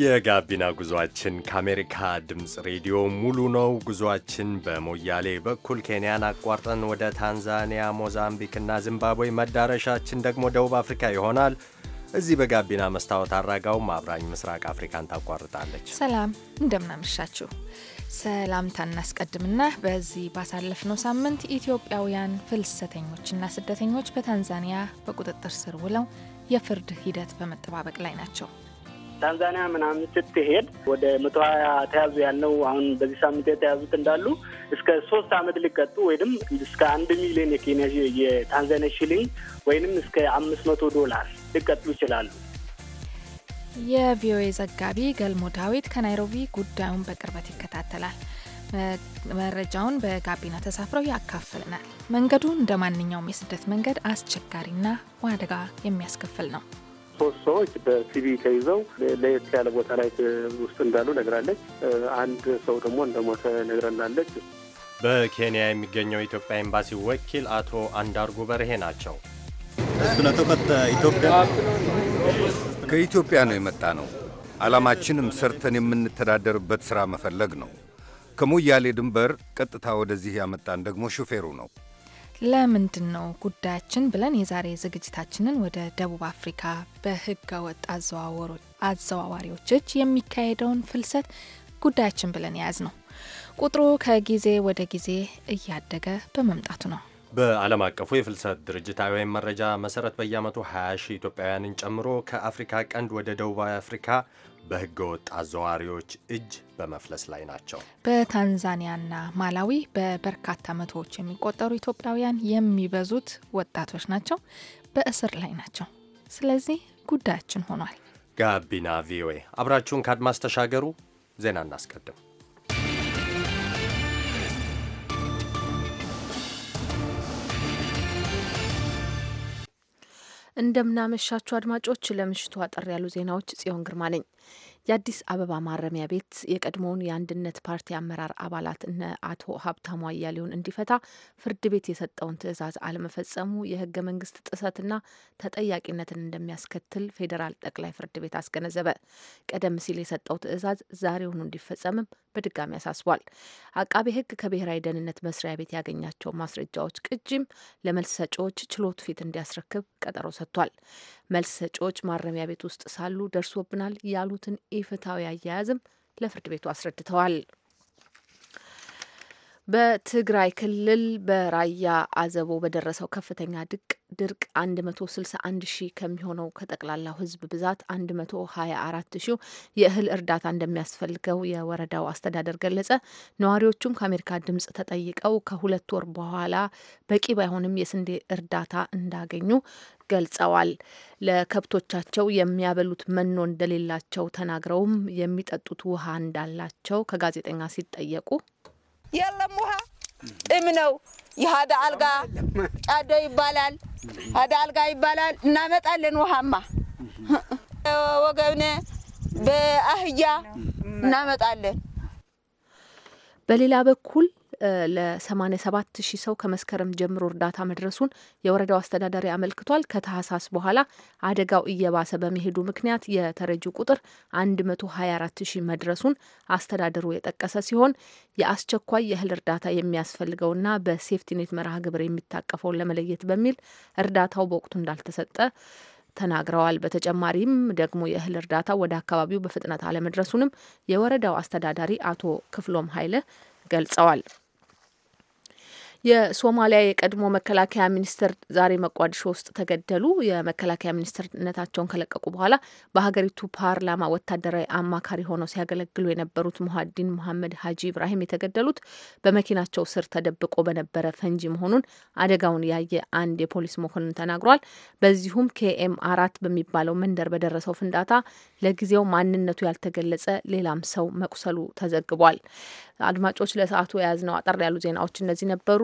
የጋቢና ጉዞአችን ከአሜሪካ ድምፅ ሬዲዮ ሙሉ ነው። ጉዞአችን በሞያሌ በኩል ኬንያን አቋርጠን ወደ ታንዛኒያ፣ ሞዛምቢክ እና ዚምባብዌ፣ መዳረሻችን ደግሞ ደቡብ አፍሪካ ይሆናል። እዚህ በጋቢና መስታወት አድራጋው አብራኝ ምስራቅ አፍሪካን ታቋርጣለች። ሰላም እንደምናመሻችሁ። ሰላምታ እናስቀድምና በዚህ ባሳለፍነው ሳምንት ኢትዮጵያውያን ፍልሰተኞችና ስደተኞች በታንዛኒያ በቁጥጥር ስር ውለው የፍርድ ሂደት በመጠባበቅ ላይ ናቸው። ታንዛኒያ ምናምን ስትሄድ ወደ መቶ ሀያ ተያዙ ያለው አሁን በዚህ ሳምንት የተያዙት እንዳሉ እስከ ሶስት አመት ሊቀጡ ወይም እስከ አንድ ሚሊዮን የኬንያ የታንዛኒያ ሺሊንግ ወይንም እስከ አምስት መቶ ዶላር ሊቀጡ ይችላሉ። የቪኦኤ ዘጋቢ ገልሞ ዳዊት ከናይሮቢ ጉዳዩን በቅርበት ይከታተላል። መረጃውን በጋቢና ተሳፍረው ያካፍልናል። መንገዱ እንደ ማንኛውም የስደት መንገድ አስቸጋሪና አደጋ የሚያስከፍል ነው። ሶስት ሰዎች በሲቪ ተይዘው ለየት ያለ ቦታ ላይ ውስጥ እንዳሉ ነግራለች። አንድ ሰው ደግሞ እንደሞተ ነግረናለች። በኬንያ የሚገኘው የኢትዮጵያ ኤምባሲ ወኪል አቶ አንዳርጉ በርሄ ናቸው። ከኢትዮጵያ ነው የመጣ ነው። ዓላማችንም ሰርተን የምንተዳደርበት ሥራ መፈለግ ነው። ከሞያሌ ድንበር ቀጥታ ወደዚህ ያመጣን ደግሞ ሹፌሩ ነው። ለምንድን ነው ጉዳያችን ብለን የዛሬ ዝግጅታችንን ወደ ደቡብ አፍሪካ በህገ ወጥ አዘዋዋሪዎች እጅ የሚካሄደውን ፍልሰት ጉዳያችን ብለን የያዝ ነው። ቁጥሩ ከጊዜ ወደ ጊዜ እያደገ በመምጣቱ ነው። በዓለም አቀፉ የፍልሰት ድርጅታዊ ወይም መረጃ መሰረት በየዓመቱ 20 ሺህ ኢትዮጵያውያንን ጨምሮ ከአፍሪካ ቀንድ ወደ ደቡብ አፍሪካ በህገ ወጥ አዘዋሪዎች እጅ በመፍለስ ላይ ናቸው። በታንዛኒያና ማላዊ በበርካታ መቶዎች የሚቆጠሩ ኢትዮጵያውያን የሚበዙት ወጣቶች ናቸው፣ በእስር ላይ ናቸው። ስለዚህ ጉዳያችን ሆኗል። ጋቢና ቪኦኤ አብራችሁን ከአድማስ ተሻገሩ። ዜና እናስቀድም። እንደምናመሻችሁ አድማጮች፣ ለምሽቱ አጠር ያሉ ዜናዎች ጽዮን ግርማ ነኝ። የአዲስ አበባ ማረሚያ ቤት የቀድሞውን የአንድነት ፓርቲ አመራር አባላት እነ አቶ ሀብታሙ አያሌውን እንዲፈታ ፍርድ ቤት የሰጠውን ትዕዛዝ አለመፈጸሙ የህገ መንግስት ጥሰትና ተጠያቂነትን እንደሚያስከትል ፌዴራል ጠቅላይ ፍርድ ቤት አስገነዘበ። ቀደም ሲል የሰጠው ትዕዛዝ ዛሬውኑ እንዲፈጸምም በድጋሚ አሳስቧል። አቃቤ ህግ ከብሔራዊ ደህንነት መስሪያ ቤት ያገኛቸው ማስረጃዎች ቅጂም ለመልስ ሰጪዎች ችሎት ፊት እንዲያስረክብ ቀጠሮ ሰጥቷል። መልስ ሰጪዎች ማረሚያ ቤት ውስጥ ሳሉ ደርሶብናል ያሉትን ኢፍትሐዊ አያያዝም ለፍርድ ቤቱ አስረድተዋል። በትግራይ ክልል በራያ አዘቦ በደረሰው ከፍተኛ ድቅ ድርቅ 161 ሺህ ከሚሆነው ከጠቅላላው ሕዝብ ብዛት 124 ሺ የእህል እርዳታ እንደሚያስፈልገው የወረዳው አስተዳደር ገለጸ። ነዋሪዎቹም ከአሜሪካ ድምጽ ተጠይቀው ከሁለት ወር በኋላ በቂ ባይሆንም የስንዴ እርዳታ እንዳገኙ ገልጸዋል። ለከብቶቻቸው የሚያበሉት መኖ እንደሌላቸው ተናግረውም የሚጠጡት ውሃ እንዳላቸው ከጋዜጠኛ ሲጠየቁ يلا موها امنو هذا القى هذا يبالال هذا القى يبالال نامت علن وهما وقفنا باهيا نامت علن بل لا بكل ለ87 ሺህ ሰው ከመስከረም ጀምሮ እርዳታ መድረሱን የወረዳው አስተዳዳሪ አመልክቷል። ከታህሳስ በኋላ አደጋው እየባሰ በመሄዱ ምክንያት የተረጂው ቁጥር 124 ሺህ መድረሱን አስተዳደሩ የጠቀሰ ሲሆን የአስቸኳይ የእህል እርዳታ የሚያስፈልገውና በሴፍቲኔት መርሃ ግብር የሚታቀፈውን ለመለየት በሚል እርዳታው በወቅቱ እንዳልተሰጠ ተናግረዋል። በተጨማሪም ደግሞ የእህል እርዳታ ወደ አካባቢው በፍጥነት አለመድረሱንም የወረዳው አስተዳዳሪ አቶ ክፍሎም ኃይለ ገልጸዋል። የሶማሊያ የቀድሞ መከላከያ ሚኒስትር ዛሬ መቋዲሾ ውስጥ ተገደሉ። የመከላከያ ሚኒስትርነታቸውን ከለቀቁ በኋላ በሀገሪቱ ፓርላማ ወታደራዊ አማካሪ ሆነው ሲያገለግሉ የነበሩት ሙሀዲን መሐመድ ሀጂ ኢብራሂም የተገደሉት በመኪናቸው ስር ተደብቆ በነበረ ፈንጂ መሆኑን አደጋውን ያየ አንድ የፖሊስ መኮንን ተናግሯል። በዚሁም ኬኤም አራት በሚባለው መንደር በደረሰው ፍንዳታ ለጊዜው ማንነቱ ያልተገለጸ ሌላም ሰው መቁሰሉ ተዘግቧል። አድማጮች ለሰዓቱ የያዝነው አጠር ያሉ ዜናዎች እነዚህ ነበሩ።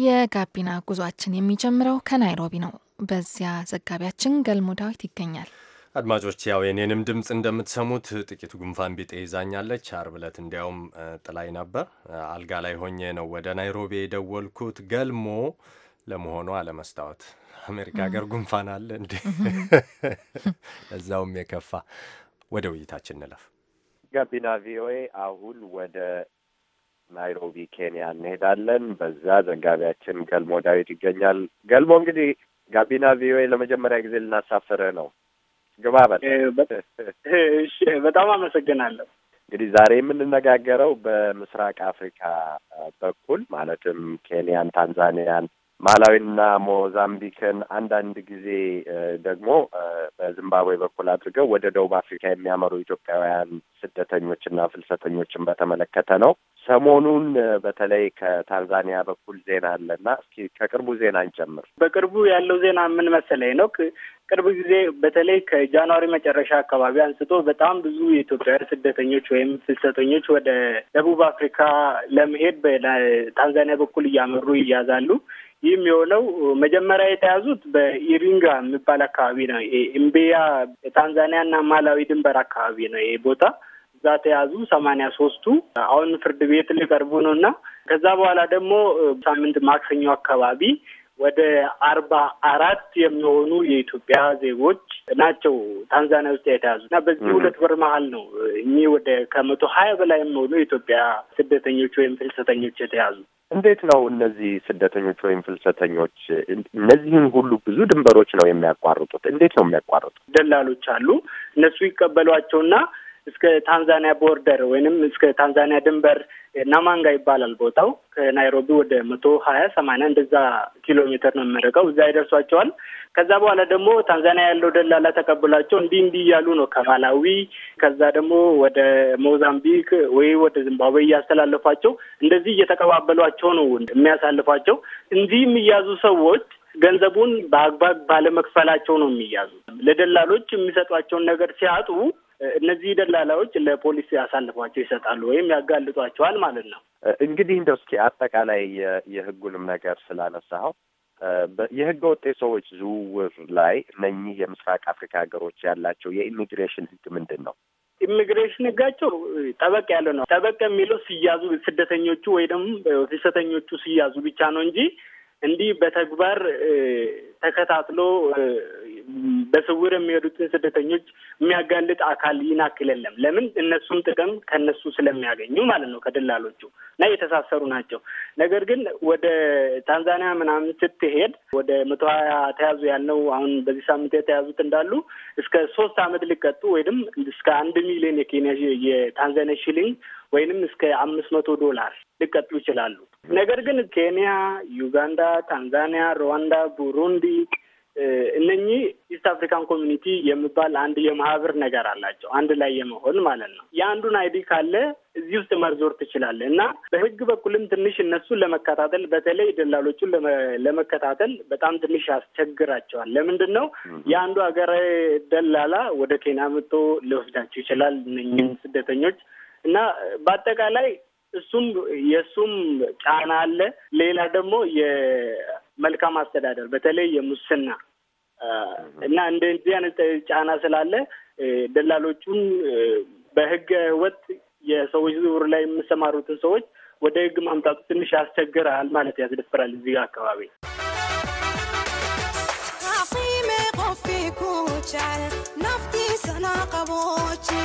የጋቢና ጉዟችን የሚጀምረው ከናይሮቢ ነው። በዚያ ዘጋቢያችን ገልሞ ዳዊት ይገኛል። አድማጮች፣ ያው የኔንም ድምፅ እንደምትሰሙት ጥቂት ጉንፋን ቢጤ ይዛኛለች። አርብ ዕለት እንዲያውም ጥላይ ነበር። አልጋ ላይ ሆኜ ነው ወደ ናይሮቢ የደወልኩት። ገልሞ ለመሆኑ አለመስታወት አሜሪካ ሀገር ጉንፋን አለ እንዴ? እዛውም የከፋ። ወደ ውይይታችን እንለፍ። ጋቢና ቪኦኤ አሁን ወደ ናይሮቢ ኬንያ እንሄዳለን። በዛ ዘጋቢያችን ገልሞ ዳዊት ይገኛል። ገልሞ እንግዲህ ጋቢና ቪኦኤ ለመጀመሪያ ጊዜ ልናሳፍርህ ነው። ግባ በል። በጣም አመሰግናለሁ። እንግዲህ ዛሬ የምንነጋገረው በምስራቅ አፍሪካ በኩል ማለትም ኬንያን፣ ታንዛኒያን ማላዊና ሞዛምቢክን አንዳንድ ጊዜ ደግሞ በዚምባብዌ በኩል አድርገው ወደ ደቡብ አፍሪካ የሚያመሩ ኢትዮጵያውያን ስደተኞችና ፍልሰተኞችን በተመለከተ ነው። ሰሞኑን በተለይ ከታንዛኒያ በኩል ዜና አለና እስኪ ከቅርቡ ዜና እንጀምር። በቅርቡ ያለው ዜና ምን መሰለኝ ነው። ቅርብ ጊዜ በተለይ ከጃንዋሪ መጨረሻ አካባቢ አንስቶ በጣም ብዙ የኢትዮጵያውያን ስደተኞች ወይም ፍልሰተኞች ወደ ደቡብ አፍሪካ ለመሄድ በታንዛኒያ በኩል እያመሩ ይያዛሉ። ይህም የሆነው መጀመሪያ የተያዙት በኢሪንጋ የሚባል አካባቢ ነው። ኢምቤያ ታንዛኒያና ማላዊ ድንበር አካባቢ ነው ይሄ ቦታ። እዛ ተያዙ ሰማንያ ሶስቱ አሁን ፍርድ ቤት ሊቀርቡ ነው እና ከዛ በኋላ ደግሞ ሳምንት ማክሰኞ አካባቢ ወደ አርባ አራት የሚሆኑ የኢትዮጵያ ዜጎች ናቸው ታንዛኒያ ውስጥ የተያዙ እና በዚህ ሁለት ወር መሀል ነው እኚህ ወደ ከመቶ ሀያ በላይ የሚሆኑ የኢትዮጵያ ስደተኞች ወይም ፍልሰተኞች የተያዙ እንዴት ነው እነዚህ ስደተኞች ወይም ፍልሰተኞች እነዚህን ሁሉ ብዙ ድንበሮች ነው የሚያቋርጡት? እንዴት ነው የሚያቋርጡት? ደላሎች አሉ። እነሱ ይቀበሏቸውና እስከ ታንዛኒያ ቦርደር ወይንም እስከ ታንዛኒያ ድንበር ናማንጋ ይባላል ቦታው። ከናይሮቢ ወደ መቶ ሀያ ሰማንያ እንደዛ ኪሎ ሜትር ነው የሚርቀው። እዛ ይደርሷቸዋል። ከዛ በኋላ ደግሞ ታንዛኒያ ያለው ደላላ ተቀብላቸው እንዲህ እንዲህ እያሉ ነው ከማላዊ ከዛ ደግሞ ወደ ሞዛምቢክ ወይ ወደ ዚምባብዌ እያስተላለፏቸው እንደዚህ እየተቀባበሏቸው ነው የሚያሳልፏቸው። እንዲህ የሚያዙ ሰዎች ገንዘቡን በአግባብ ባለመክፈላቸው ነው የሚያዙ። ለደላሎች የሚሰጧቸውን ነገር ሲያጡ እነዚህ ደላላዎች ለፖሊስ ያሳልፏቸው ይሰጣሉ ወይም ያጋልጧቸዋል ማለት ነው። እንግዲህ እንደው እስኪ አጠቃላይ የህጉንም ነገር ስላነሳኸው የህገ ወጥ ሰዎች ዝውውር ላይ እነኚህ የምስራቅ አፍሪካ ሀገሮች ያላቸው የኢሚግሬሽን ህግ ምንድን ነው? ኢሚግሬሽን ህጋቸው ጠበቅ ያለ ነው። ጠበቅ የሚለው ሲያዙ ስደተኞቹ ወይ ደግሞ ፍልሰተኞቹ ሲያዙ ብቻ ነው እንጂ እንዲህ በተግባር ተከታትሎ በስውር የሚሄዱትን ስደተኞች የሚያጋልጥ አካል ይህን አክል የለም። ለምን እነሱም ጥቅም ከነሱ ስለሚያገኙ ማለት ነው ከደላሎቹ እና የተሳሰሩ ናቸው። ነገር ግን ወደ ታንዛኒያ ምናምን ስትሄድ ወደ መቶ ሀያ ተያዙ ያለው አሁን በዚህ ሳምንት የተያዙት እንዳሉ እስከ ሶስት አመት ሊቀጡ ወይም እስከ አንድ ሚሊዮን የኬንያ የታንዛኒያ ሺሊንግ ወይንም እስከ አምስት መቶ ዶላር ሊቀጡ ይችላሉ። ነገር ግን ኬንያ፣ ዩጋንዳ፣ ታንዛኒያ፣ ሩዋንዳ፣ ቡሩንዲ እነኚህ ኢስት አፍሪካን ኮሚኒቲ የሚባል አንድ የማህበር ነገር አላቸው። አንድ ላይ የመሆን ማለት ነው። የአንዱን አይዲ ካለ እዚህ ውስጥ መርዞር ትችላለ እና በህግ በኩልም ትንሽ እነሱን ለመከታተል በተለይ ደላሎቹን ለመከታተል በጣም ትንሽ ያስቸግራቸዋል። ለምንድን ነው የአንዱ ሀገር ደላላ ወደ ኬንያ መጥቶ ሊወስዳቸው ይችላል እነኝህን ስደተኞች እና በአጠቃላይ እሱም የእሱም ጫና አለ። ሌላ ደግሞ የመልካም አስተዳደር በተለይ የሙስና እና እንደዚህ አይነት ጫና ስላለ ደላሎቹን በህገ ወጥ የሰዎች ዝውውር ላይ የሚሰማሩትን ሰዎች ወደ ህግ ማምጣቱ ትንሽ ያስቸግራል ማለት ያስደፍራል እዚህ አካባቢ። ቀቦች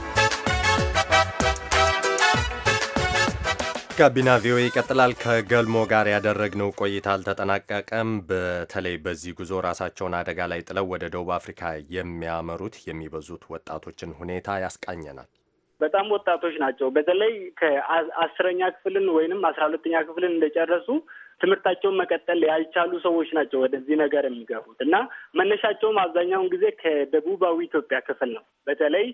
ጋቢና ቪኦኤ ይቀጥላል። ከገልሞ ጋር ያደረግነው ቆይታ አልተጠናቀቀም። በተለይ በዚህ ጉዞ ራሳቸውን አደጋ ላይ ጥለው ወደ ደቡብ አፍሪካ የሚያመሩት የሚበዙት ወጣቶችን ሁኔታ ያስቃኘናል። በጣም ወጣቶች ናቸው። በተለይ ከአስረኛ ክፍልን ወይንም አስራ ሁለተኛ ክፍልን እንደጨረሱ ትምህርታቸውን መቀጠል ያልቻሉ ሰዎች ናቸው ወደዚህ ነገር የሚገቡት እና መነሻቸውም አብዛኛውን ጊዜ ከደቡባዊ ኢትዮጵያ ክፍል ነው። በተለይ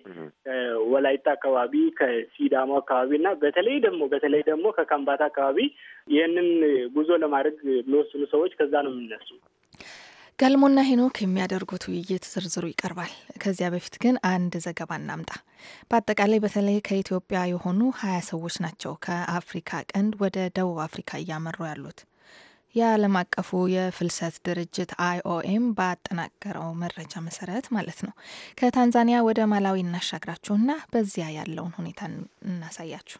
ወላይታ አካባቢ፣ ከሲዳማ አካባቢ እና በተለይ ደግሞ በተለይ ደግሞ ከካምባታ አካባቢ ይህንን ጉዞ ለማድረግ የሚወስኑ ሰዎች ከዛ ነው የሚነሱ። ገልሞና ሄኖክ የሚያደርጉት ውይይት ዝርዝሩ ይቀርባል። ከዚያ በፊት ግን አንድ ዘገባ እናምጣ። በአጠቃላይ በተለይ ከኢትዮጵያ የሆኑ ሀያ ሰዎች ናቸው ከአፍሪካ ቀንድ ወደ ደቡብ አፍሪካ እያመሩ ያሉት። የዓለም አቀፉ የፍልሰት ድርጅት አይኦኤም ባጠናቀረው መረጃ መሰረት ማለት ነው። ከታንዛኒያ ወደ ማላዊ እናሻግራችሁና በዚያ ያለውን ሁኔታ እናሳያችሁ።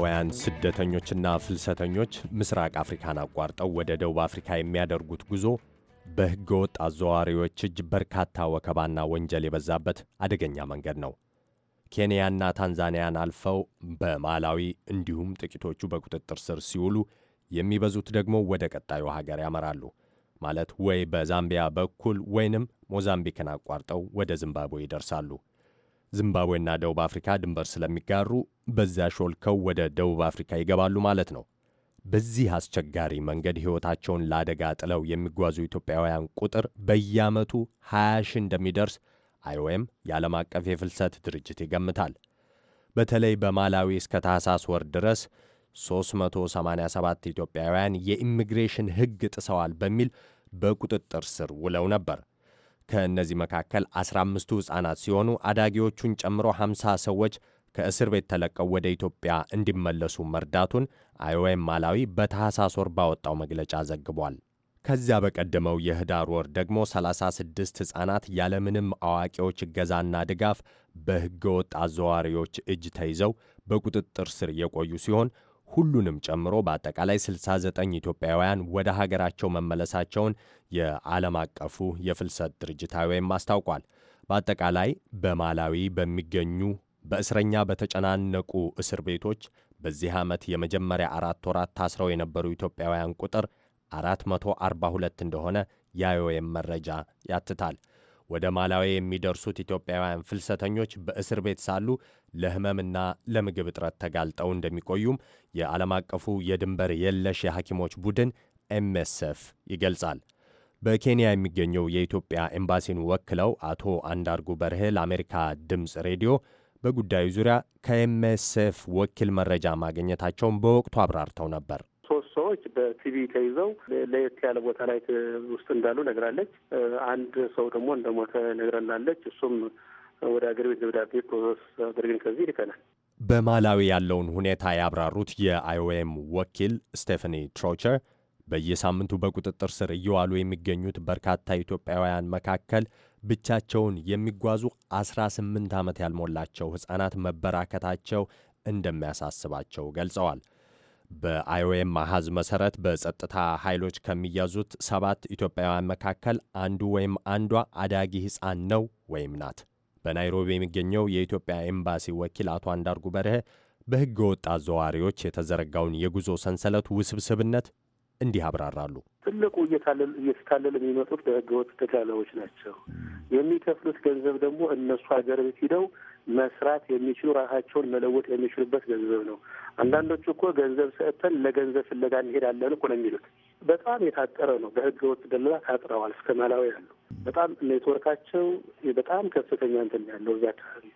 ኢትዮጵያውያን ስደተኞችና ፍልሰተኞች ምስራቅ አፍሪካን አቋርጠው ወደ ደቡብ አፍሪካ የሚያደርጉት ጉዞ በሕገ ወጥ አዘዋዋሪዎች እጅ በርካታ ወከባና ወንጀል የበዛበት አደገኛ መንገድ ነው። ኬንያና ታንዛኒያን አልፈው በማላዊ እንዲሁም ጥቂቶቹ በቁጥጥር ስር ሲውሉ የሚበዙት ደግሞ ወደ ቀጣዩ ሀገር ያመራሉ። ማለት ወይ በዛምቢያ በኩል ወይንም ሞዛምቢክን አቋርጠው ወደ ዚምባብዌ ይደርሳሉ። ዚምባብዌና ደቡብ አፍሪካ ድንበር ስለሚጋሩ በዚያ ሾልከው ወደ ደቡብ አፍሪካ ይገባሉ ማለት ነው። በዚህ አስቸጋሪ መንገድ ሕይወታቸውን ለአደጋ ጥለው የሚጓዙ ኢትዮጵያውያን ቁጥር በየዓመቱ 20 ሺህ እንደሚደርስ አይኦኤም የዓለም አቀፍ የፍልሰት ድርጅት ይገምታል። በተለይ በማላዊ እስከ ታህሳስ ወር ድረስ 387 ኢትዮጵያውያን የኢሚግሬሽን ሕግ ጥሰዋል በሚል በቁጥጥር ስር ውለው ነበር። ከእነዚህ መካከል 15ቱ ሕፃናት ሲሆኑ አዳጊዎቹን ጨምሮ 50 ሰዎች ከእስር ቤት ተለቀው ወደ ኢትዮጵያ እንዲመለሱ መርዳቱን አይኦኤም ማላዊ በታህሳስ ወር ባወጣው መግለጫ ዘግቧል። ከዚያ በቀደመው የህዳር ወር ደግሞ 36 ሕፃናት ያለምንም አዋቂዎች እገዛና ድጋፍ በሕገ ወጥ አዘዋሪዎች እጅ ተይዘው በቁጥጥር ስር የቆዩ ሲሆን ሁሉንም ጨምሮ በአጠቃላይ 69 ኢትዮጵያውያን ወደ ሀገራቸው መመለሳቸውን የዓለም አቀፉ የፍልሰት ድርጅት አይኦኤም አስታውቋል። በአጠቃላይ በማላዊ በሚገኙ በእስረኛ በተጨናነቁ እስር ቤቶች በዚህ ዓመት የመጀመሪያ አራት ወራት ታስረው የነበሩ ኢትዮጵያውያን ቁጥር 442 እንደሆነ የአይኦኤም መረጃ ያትታል። ወደ ማላዊ የሚደርሱት ኢትዮጵያውያን ፍልሰተኞች በእስር ቤት ሳሉ ለህመምና ለምግብ እጥረት ተጋልጠው እንደሚቆዩም የዓለም አቀፉ የድንበር የለሽ የሐኪሞች ቡድን ኤምኤስኤፍ ይገልጻል። በኬንያ የሚገኘው የኢትዮጵያ ኤምባሲን ወክለው አቶ አንዳርጉ በርሄ ለአሜሪካ ድምፅ ሬዲዮ በጉዳዩ ዙሪያ ከኤምኤስኤፍ ወኪል መረጃ ማግኘታቸውን በወቅቱ አብራርተው ነበር። ሶስት ሰዎች በቲቪ ተይዘው ለየት ያለ ቦታ ላይ ውስጥ እንዳሉ ነግራለች። አንድ ሰው ደግሞ እንደሞተ ነግረናለች። እሱም ወደ አገር ቤት ደብዳቤ ፕሮሰስ አድርገን ከዚህ ይልከናል። በማላዊ ያለውን ሁኔታ ያብራሩት የአይኦኤም ወኪል ስቴፈኒ ትሮቸር በየሳምንቱ በቁጥጥር ስር እየዋሉ የሚገኙት በርካታ ኢትዮጵያውያን መካከል ብቻቸውን የሚጓዙ 18 ዓመት ያልሞላቸው ሕፃናት መበራከታቸው እንደሚያሳስባቸው ገልጸዋል። በአይኦኤም አሃዝ መሠረት በጸጥታ ኃይሎች ከሚያዙት ሰባት ኢትዮጵያውያን መካከል አንዱ ወይም አንዷ አዳጊ ሕፃን ነው ወይም ናት። በናይሮቢ የሚገኘው የኢትዮጵያ ኤምባሲ ወኪል አቶ አንዳርጉ በርሄ በሕገ ወጥ አዘዋዋሪዎች የተዘረጋውን የጉዞ ሰንሰለት ውስብስብነት እንዲህ አብራራሉ። ትልቁ እየተታለሉ የሚመጡት በሕገ ወጥ ደላላዎች ናቸው። የሚከፍሉት ገንዘብ ደግሞ እነሱ ሀገር ቤት ሂደው መስራት የሚችሉ ራሳቸውን መለወጥ የሚችሉበት ገንዘብ ነው። አንዳንዶቹ እኮ ገንዘብ ሰጥተን ለገንዘብ ፍለጋ እንሄዳለን እኮ ነው የሚሉት። በጣም የታጠረ ነው። በህገ ወጥ ደለላ ታጥረዋል እስከ ማላዊ ያሉ በጣም ኔትወርካቸው በጣም ከፍተኛ እንትን ያለው እዛ አካባቢ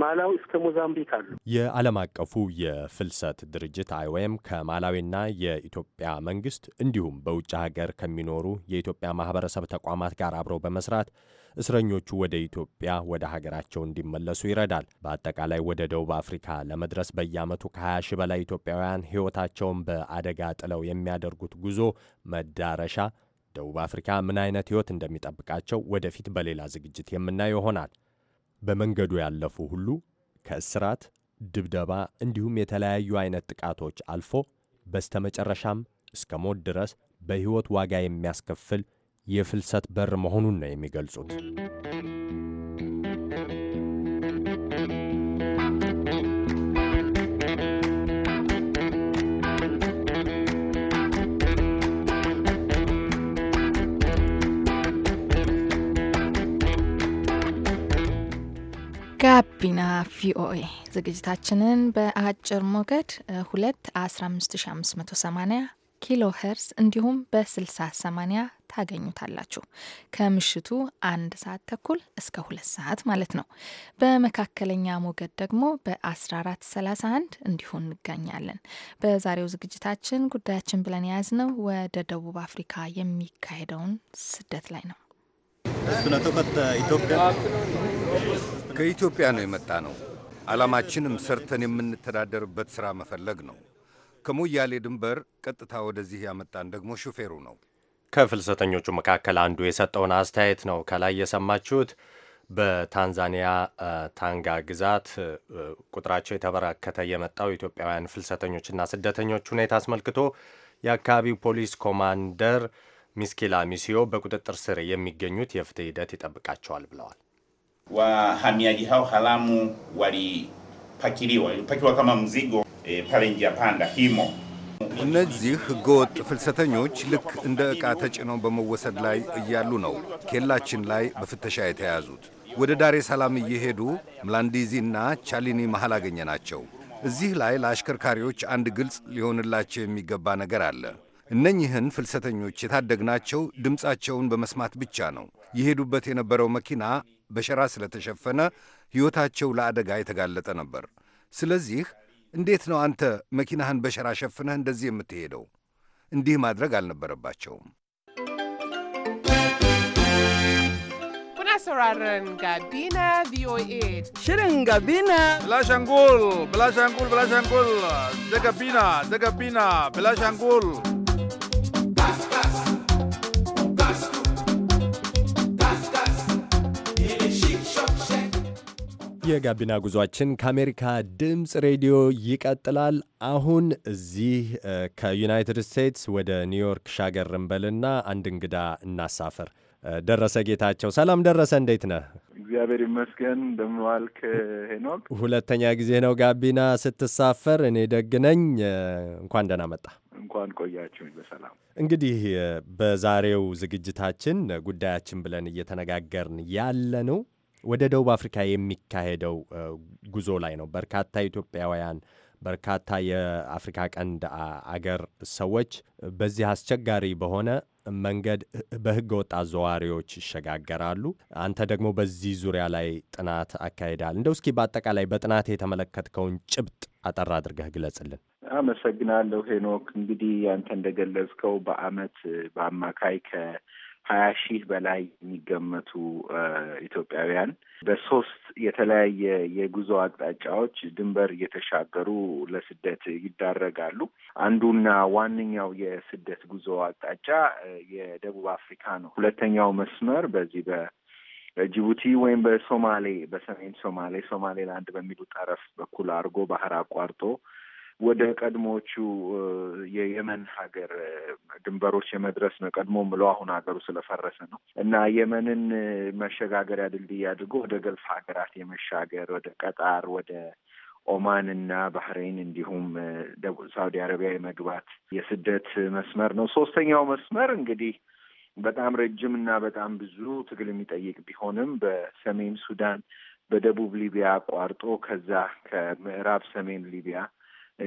ማላዊ እስከ ሞዛምቢክ አሉ። የዓለም አቀፉ የፍልሰት ድርጅት አይኦኤም ከማላዊና የኢትዮጵያ መንግስት እንዲሁም በውጭ ሀገር ከሚኖሩ የኢትዮጵያ ማህበረሰብ ተቋማት ጋር አብረው በመስራት እስረኞቹ ወደ ኢትዮጵያ ወደ ሀገራቸው እንዲመለሱ ይረዳል። በአጠቃላይ ወደ ደቡብ አፍሪካ ለመድረስ በየዓመቱ ከ20 ሺህ በላይ ኢትዮጵያውያን ሕይወታቸውን በአደጋ ጥለው የሚያደርጉት ጉዞ መዳረሻ ደቡብ አፍሪካ ምን አይነት ሕይወት እንደሚጠብቃቸው ወደፊት በሌላ ዝግጅት የምናየው ይሆናል። በመንገዱ ያለፉ ሁሉ ከእስራት፣ ድብደባ እንዲሁም የተለያዩ አይነት ጥቃቶች አልፎ በስተመጨረሻም እስከ ሞት ድረስ በሕይወት ዋጋ የሚያስከፍል የፍልሰት በር መሆኑን ነው የሚገልጹት። ጋቢና ቪኦኤ ዝግጅታችንን በአጭር ሞገድ 215580 ኪሎ ሄርስ እንዲሁም በ6080 ታገኙታላችሁ። ከምሽቱ አንድ ሰዓት ተኩል እስከ ሁለት ሰዓት ማለት ነው። በመካከለኛ ሞገድ ደግሞ በ1431 እንዲሁን እንገኛለን። በዛሬው ዝግጅታችን ጉዳያችን ብለን የያዝነው ወደ ደቡብ አፍሪካ የሚካሄደውን ስደት ላይ ነው። ከኢትዮጵያ ነው የመጣ ነው። ዓላማችንም ሰርተን የምንተዳደርበት ሥራ መፈለግ ነው። ከሞያሌ ድንበር ቀጥታ ወደዚህ ያመጣን ደግሞ ሹፌሩ ነው። ከፍልሰተኞቹ መካከል አንዱ የሰጠውን አስተያየት ነው ከላይ የሰማችሁት። በታንዛኒያ ታንጋ ግዛት ቁጥራቸው የተበራከተ የመጣው ኢትዮጵያውያን ፍልሰተኞችና ስደተኞች ሁኔታ አስመልክቶ የአካባቢው ፖሊስ ኮማንደር ሚስኪላ ሚሲዮ በቁጥጥር ስር የሚገኙት የፍትህ ሂደት ይጠብቃቸዋል ብለዋል። Wahamiaji hao haramu walipakiliwa, walipakiwa kama mzigo e, pale njia panda himo እነዚህ ህገወጥ ፍልሰተኞች ልክ እንደ ዕቃ ተጭነው በመወሰድ ላይ እያሉ ነው ኬላችን ላይ በፍተሻ የተያዙት። ወደ ዳሬ ሰላም እየሄዱ ምላንዲዚ እና ቻሊኒ መሃል አገኘ ናቸው። እዚህ ላይ ለአሽከርካሪዎች አንድ ግልጽ ሊሆንላቸው የሚገባ ነገር አለ። እነኚህን ፍልሰተኞች የታደግናቸው ድምፃቸውን በመስማት ብቻ ነው። የሄዱበት የነበረው መኪና በሸራ ስለተሸፈነ ሕይወታቸው ለአደጋ የተጋለጠ ነበር። ስለዚህ እንዴት ነው አንተ መኪናህን በሸራ ሸፍነህ እንደዚህ የምትሄደው? እንዲህ ማድረግ አልነበረባቸውም። ሽርን ብላሻንጉል ብላሻንጉል ብላሻንጉል ዘጋቢና ብላሻንጉል የጋቢና ጉዟችን ከአሜሪካ ድምፅ ሬዲዮ ይቀጥላል። አሁን እዚህ ከዩናይትድ ስቴትስ ወደ ኒውዮርክ ሻገር እንበልና አንድ እንግዳ እናሳፈር። ደረሰ ጌታቸው፣ ሰላም ደረሰ፣ እንዴት ነህ? እግዚአብሔር ይመስገን። እንደምን ዋልክ ሄኖክ? ሁለተኛ ጊዜ ነው ጋቢና ስትሳፈር። እኔ ደግነኝ። እንኳን ደህና መጣ። እንኳን ቆያችሁኝ በሰላም። እንግዲህ በዛሬው ዝግጅታችን ጉዳያችን ብለን እየተነጋገርን ያለ ነው ወደ ደቡብ አፍሪካ የሚካሄደው ጉዞ ላይ ነው። በርካታ ኢትዮጵያውያን፣ በርካታ የአፍሪካ ቀንድ አገር ሰዎች በዚህ አስቸጋሪ በሆነ መንገድ በህገ ወጥ አዘዋዋሪዎች ይሸጋገራሉ። አንተ ደግሞ በዚህ ዙሪያ ላይ ጥናት አካሄዳል። እንደው እስኪ በአጠቃላይ በጥናት የተመለከትከውን ጭብጥ አጠር አድርገህ ግለጽልን። አመሰግናለሁ ሄኖክ። እንግዲህ አንተ እንደገለጽከው በአመት በአማካይ ከ ሀያ ሺህ በላይ የሚገመቱ ኢትዮጵያውያን በሶስት የተለያየ የጉዞ አቅጣጫዎች ድንበር እየተሻገሩ ለስደት ይዳረጋሉ። አንዱና ዋነኛው የስደት ጉዞ አቅጣጫ የደቡብ አፍሪካ ነው። ሁለተኛው መስመር በዚህ በ በጅቡቲ ወይም በሶማሌ በሰሜን ሶማሌ ሶማሌላንድ በሚሉ ጠረፍ በኩል አድርጎ ባህር አቋርጦ ወደ ቀድሞዎቹ የየመን ሀገር ድንበሮች የመድረስ ነው። ቀድሞ ምለው አሁን ሀገሩ ስለፈረሰ ነው እና የመንን መሸጋገሪያ ድልድይ አድርጎ ወደ ገልፍ ሀገራት የመሻገር ወደ ቀጣር ወደ ኦማን እና ባህሬን እንዲሁም ደቡብ ሳውዲ አረቢያ የመግባት የስደት መስመር ነው። ሶስተኛው መስመር እንግዲህ በጣም ረጅም እና በጣም ብዙ ትግል የሚጠይቅ ቢሆንም በሰሜን ሱዳን፣ በደቡብ ሊቢያ አቋርጦ ከዛ ከምዕራብ ሰሜን ሊቢያ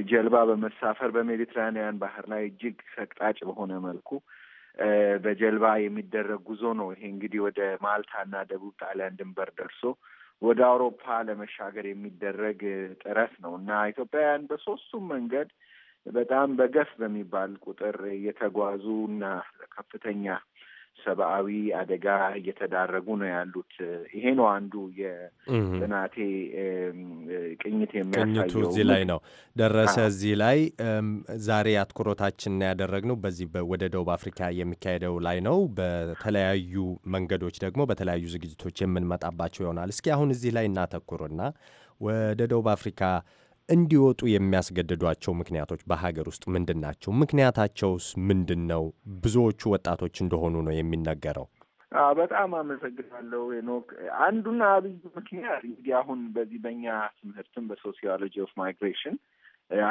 ጀልባ በመሳፈር በሜዲትራኒያን ባህር ላይ እጅግ ሰቅጣጭ በሆነ መልኩ በጀልባ የሚደረግ ጉዞ ነው። ይሄ እንግዲህ ወደ ማልታና ደቡብ ጣሊያን ድንበር ደርሶ ወደ አውሮፓ ለመሻገር የሚደረግ ጥረት ነው እና ኢትዮጵያውያን በሶስቱም መንገድ በጣም በገፍ በሚባል ቁጥር እየተጓዙ እና ከፍተኛ ሰብአዊ አደጋ እየተዳረጉ ነው ያሉት። ይሄ ነው አንዱ የጥናቴ ቅኝት የሚያሳየው። እዚህ ላይ ነው ደረሰ። እዚህ ላይ ዛሬ አትኩሮታችንን ያደረግነው በዚህ ወደ ደቡብ አፍሪካ የሚካሄደው ላይ ነው። በተለያዩ መንገዶች ደግሞ በተለያዩ ዝግጅቶች የምንመጣባቸው ይሆናል። እስኪ አሁን እዚህ ላይ እናተኩርና ወደ ደቡብ አፍሪካ እንዲወጡ የሚያስገድዷቸው ምክንያቶች በሀገር ውስጥ ምንድን ናቸው? ምክንያታቸውስ ምንድን ነው? ብዙዎቹ ወጣቶች እንደሆኑ ነው የሚነገረው። በጣም አመሰግናለሁ ኖክ። አንዱና አብዩ ምክንያት እንግዲህ አሁን በዚህ በእኛ ትምህርትም በሶሲዮሎጂ ኦፍ ማይግሬሽን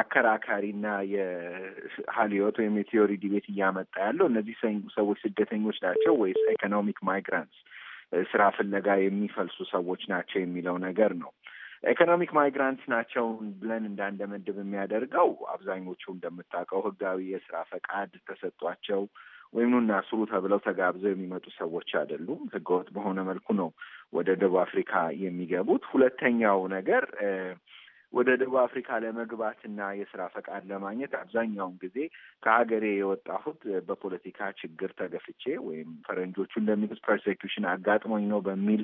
አከራካሪና የሀሊዮት ወይም የቲዮሪ ዲቤት እያመጣ ያለው እነዚህ ሰዎች ስደተኞች ናቸው ወይስ ኢኮኖሚክ ማይግራንትስ ስራ ፍለጋ የሚፈልሱ ሰዎች ናቸው የሚለው ነገር ነው። ኢኮኖሚክ ማይግራንት ናቸው ብለን እንዳንደመድብ የሚያደርገው አብዛኞቹ እንደምታውቀው ህጋዊ የስራ ፈቃድ ተሰጧቸው ወይም ኑና ስሩ ተብለው ተጋብዘው የሚመጡ ሰዎች አይደሉም። ህገወጥ በሆነ መልኩ ነው ወደ ደቡብ አፍሪካ የሚገቡት። ሁለተኛው ነገር ወደ ደቡብ አፍሪካ ለመግባትና የስራ ፈቃድ ለማግኘት አብዛኛውን ጊዜ ከሀገሬ የወጣሁት በፖለቲካ ችግር ተገፍቼ ወይም ፈረንጆቹ እንደሚሉት ፐርሴኪሽን አጋጥሞኝ ነው በሚል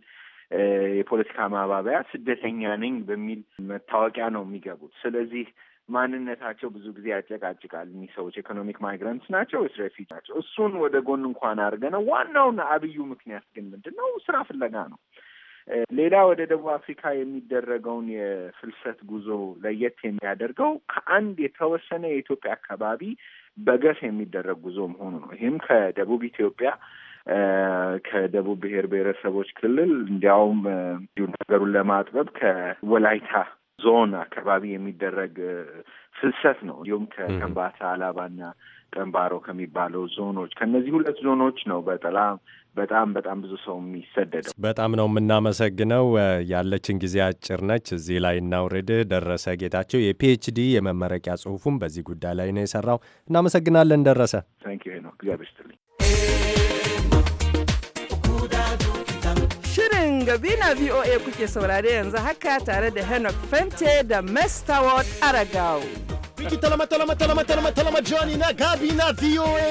የፖለቲካ ማባበያ ስደተኛ ነኝ በሚል መታወቂያ ነው የሚገቡት። ስለዚህ ማንነታቸው ብዙ ጊዜ ያጨቃጭቃል። እኒህ ሰዎች ኢኮኖሚክ ማይግራንት ናቸው ወይስ ናቸው? እሱን ወደ ጎን እንኳን አድርገ ነው። ዋናውና አብዩ ምክንያት ግን ምንድን ነው? ስራ ፍለጋ ነው። ሌላ ወደ ደቡብ አፍሪካ የሚደረገውን የፍልሰት ጉዞ ለየት የሚያደርገው ከአንድ የተወሰነ የኢትዮጵያ አካባቢ በገፍ የሚደረግ ጉዞ መሆኑ ነው። ይህም ከደቡብ ኢትዮጵያ ከደቡብ ብሔር ብሔረሰቦች ክልል እንዲያውም ነገሩን ለማጥበብ ከወላይታ ዞን አካባቢ የሚደረግ ፍልሰት ነው። እንዲሁም ከከምባታ አላባና ጠንባሮ ከሚባለው ዞኖች ከእነዚህ ሁለት ዞኖች ነው በጠላም በጣም በጣም ብዙ ሰው የሚሰደደው። በጣም ነው የምናመሰግነው። ያለችን ጊዜ አጭር ነች። እዚህ ላይ እናውርድ። ደረሰ ጌታቸው የፒኤችዲ የመመረቂያ ጽሁፉም በዚህ ጉዳይ ላይ ነው የሰራው። እናመሰግናለን ደረሰ። ታንክ ዩ ሄኖክ፣ እግዚአብሔር ይስጥልኝ። Shirin Gabina VOA kuke saurare yanzu haka tare da Enoch Fente da Mestaward Aragao. Biki talama talama talama talama talama Johnny na Gabina VOA.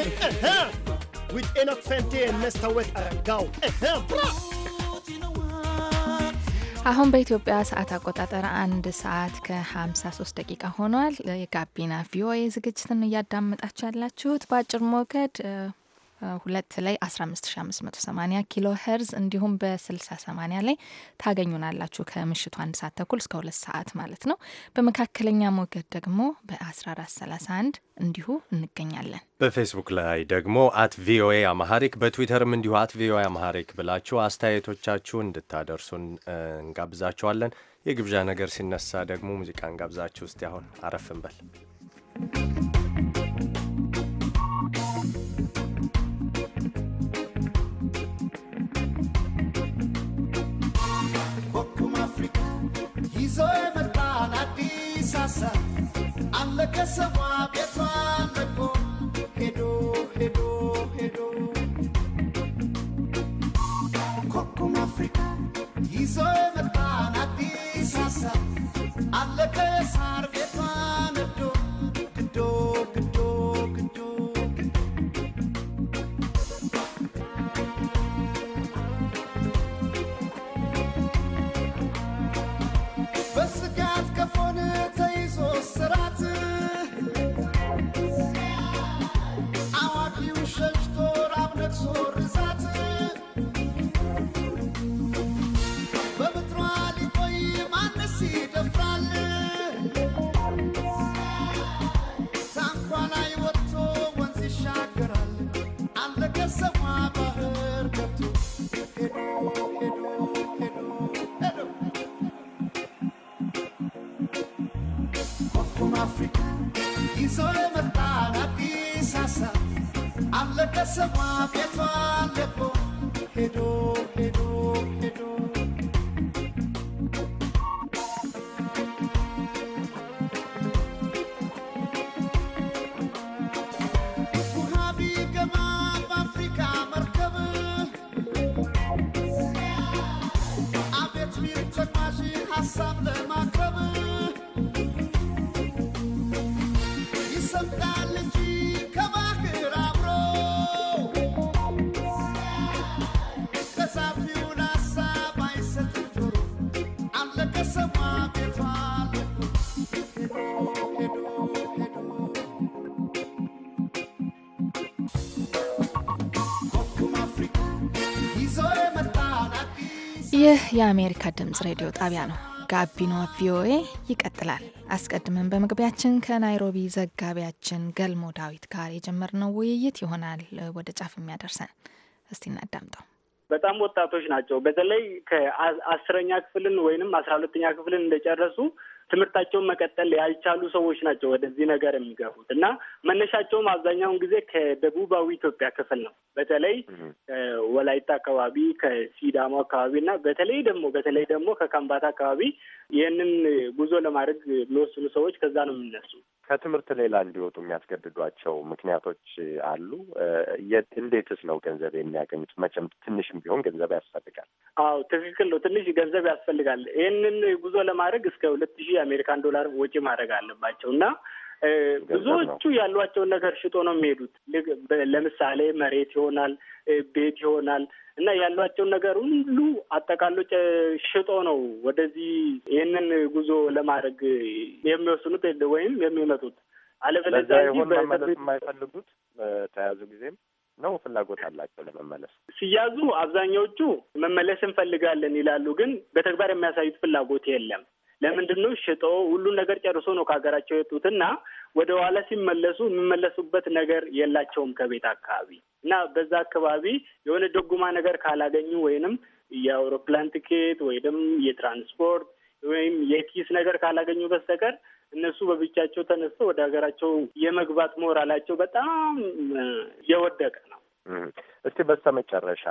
with Enoch Fenty and Mr. Wet Arangao. አሁን በኢትዮጵያ ሰዓት አቆጣጠር አንድ ሰዓት ከ53 ደቂቃ ሆኗል። የጋቢና ቪኦኤ ዝግጅትን እያዳመጣችሁ ያላችሁት በአጭር ሞገድ ሁለት ላይ 15580 ኪሎ ሄርዝ እንዲሁም በ6080 ላይ ታገኙናላችሁ ከምሽቱ አንድ ሰዓት ተኩል እስከ ሁለት ሰዓት ማለት ነው። በመካከለኛ ሞገድ ደግሞ በ1431 እንዲሁ እንገኛለን። በፌስቡክ ላይ ደግሞ አት ቪኦኤ አማሐሪክ በትዊተርም እንዲሁ አት ቪኦኤ አማሐሪክ ብላችሁ አስተያየቶቻችሁ እንድታደርሱን እንጋብዛችኋለን። የግብዣ ነገር ሲነሳ ደግሞ ሙዚቃ እንጋብዛችሁ። እስቲ አሁን አረፍንበል አለቀሰ አለቀሰ ከሰማ ቤቷ ልቦ ሄዶ የአሜሪካ ድምፅ ሬዲዮ ጣቢያ ነው። ጋቢና ቪኦኤ ይቀጥላል። አስቀድመን በመግቢያችን ከናይሮቢ ዘጋቢያችን ገልሞ ዳዊት ጋር የጀመርነው ውይይት ይሆናል ወደ ጫፍ የሚያደርሰን። እስቲ እናዳምጠው። በጣም ወጣቶች ናቸው። በተለይ ከአስረኛ ክፍልን ወይንም አስራ ሁለተኛ ክፍልን እንደጨረሱ ትምህርታቸውን መቀጠል ያልቻሉ ሰዎች ናቸው ወደዚህ ነገር የሚገቡት እና መነሻቸውም አብዛኛውን ጊዜ ከደቡባዊ ኢትዮጵያ ክፍል ነው። በተለይ ወላይታ አካባቢ፣ ከሲዳማ አካባቢ እና በተለይ ደግሞ በተለይ ደግሞ ከካምባታ አካባቢ ይህንን ጉዞ ለማድረግ የሚወስኑ ሰዎች ከዛ ነው የሚነሱ። ከትምህርት ሌላ እንዲወጡ የሚያስገድዷቸው ምክንያቶች አሉ። እንዴትስ ነው ገንዘብ የሚያገኙት? መቼም ትንሽም ቢሆን ገንዘብ ያስፈልጋል። አዎ ትክክል ነው። ትንሽ ገንዘብ ያስፈልጋል። ይህንን ጉዞ ለማድረግ እስከ ሁለት ሺህ የአሜሪካን ዶላር ወጪ ማድረግ አለባቸው እና ብዙዎቹ ያሏቸውን ነገር ሽጦ ነው የሚሄዱት። ለምሳሌ መሬት ይሆናል፣ ቤት ይሆናል እና ያሏቸውን ነገር ሁሉ አጠቃሎ ሽጦ ነው ወደዚህ ይህንን ጉዞ ለማድረግ የሚወስኑት ወይም የሚመጡት። አለበለዚያ የማይፈልጉት በተያዙ ጊዜም ነው ፍላጎት አላቸው ለመመለስ። ሲያዙ አብዛኛዎቹ መመለስ እንፈልጋለን ይላሉ፣ ግን በተግባር የሚያሳዩት ፍላጎት የለም። ለምንድን ነው ሽጦ ሁሉን ነገር ጨርሶ ነው ከሀገራቸው የወጡት እና ወደ ኋላ ሲመለሱ የሚመለሱበት ነገር የላቸውም ከቤት አካባቢ እና በዛ አካባቢ የሆነ ደጉማ ነገር ካላገኙ ወይንም የአውሮፕላን ትኬት ወይም የትራንስፖርት ወይም የኪስ ነገር ካላገኙ በስተቀር እነሱ በብቻቸው ተነስተው ወደ ሀገራቸው የመግባት ሞራላቸው በጣም የወደቀ ነው። እስቲ በስተ መጨረሻ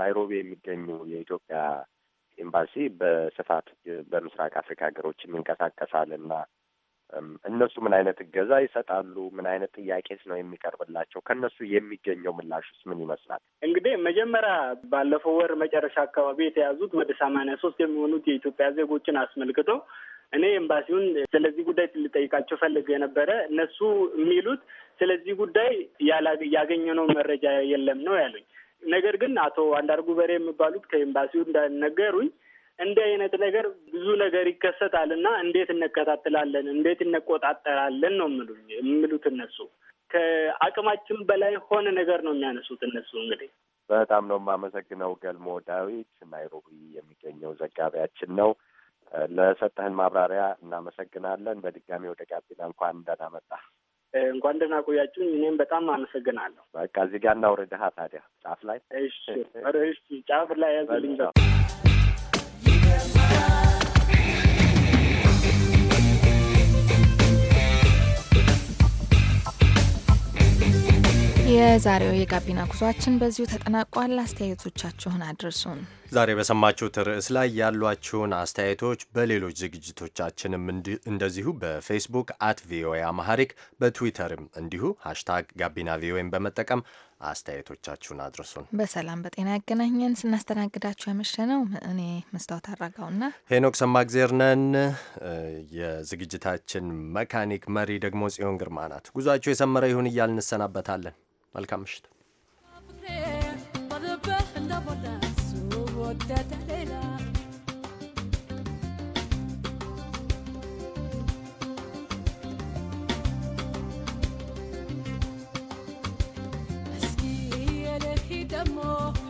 ናይሮቢ የሚገኙ የኢትዮጵያ ኤምባሲ በስፋት በምስራቅ አፍሪካ ሀገሮች የሚንቀሳቀሳል እና እነሱ ምን አይነት እገዛ ይሰጣሉ? ምን አይነት ጥያቄስ ነው የሚቀርብላቸው? ከእነሱ የሚገኘው ምላሽስ ምን ይመስላል? እንግዲህ መጀመሪያ ባለፈው ወር መጨረሻ አካባቢ የተያዙት ወደ ሰማንያ ሶስት የሚሆኑት የኢትዮጵያ ዜጎችን አስመልክቶ እኔ ኤምባሲውን ስለዚህ ጉዳይ ልጠይቃቸው ፈልግ የነበረ እነሱ የሚሉት ስለዚህ ጉዳይ ያገኘነው መረጃ የለም ነው ያሉኝ። ነገር ግን አቶ አንዳርጉ በሬ የሚባሉት ከኤምባሲው እንዳነገሩኝ እንዲህ አይነት ነገር ብዙ ነገር ይከሰታል እና እንዴት እንከታተላለን፣ እንዴት እንቆጣጠራለን ነው ምሉ የሚሉት እነሱ ከአቅማችን በላይ ሆነ ነገር ነው የሚያነሱት እነሱ እንግዲህ በጣም ነው የማመሰግነው። ገልሞ ዳዊት ናይሮቢ የሚገኘው ዘጋቢያችን ነው። ለሰጠህን ማብራሪያ እናመሰግናለን። በድጋሚ ወደ ጋቢና እንኳን እንደናመጣ እንኳን ደህና እኔም በጣም አመሰግናለሁ። በቃ እዚህ ጋር እናውርድሃ ታዲያ ጫፍ ላይ እሺ ጫፍ ላይ ያዘልኝ የዛሬው የጋቢና ጉዟችን በዚሁ ተጠናቋል። አስተያየቶቻችሁን አድርሱን። ዛሬ በሰማችሁት ርዕስ ላይ ያሏችሁን አስተያየቶች በሌሎች ዝግጅቶቻችንም እንደዚሁ በፌስቡክ አት ቪኦኤ አማሐሪክ በትዊተርም እንዲሁ ሀሽታግ ጋቢና ቪኦኤን በመጠቀም አስተያየቶቻችሁን አድርሱን። በሰላም በጤና ያገናኘን። ስናስተናግዳችሁ ነው። እኔ መስታወት አራጋውና ሄኖክ ሰማግዜር ነን። የዝግጅታችን መካኒክ መሪ ደግሞ ጽዮን ግርማ ናት። ጉዟችሁ የሰመረ ይሁን እያል እንሰናበታለን። መልካም ምሽት። Oh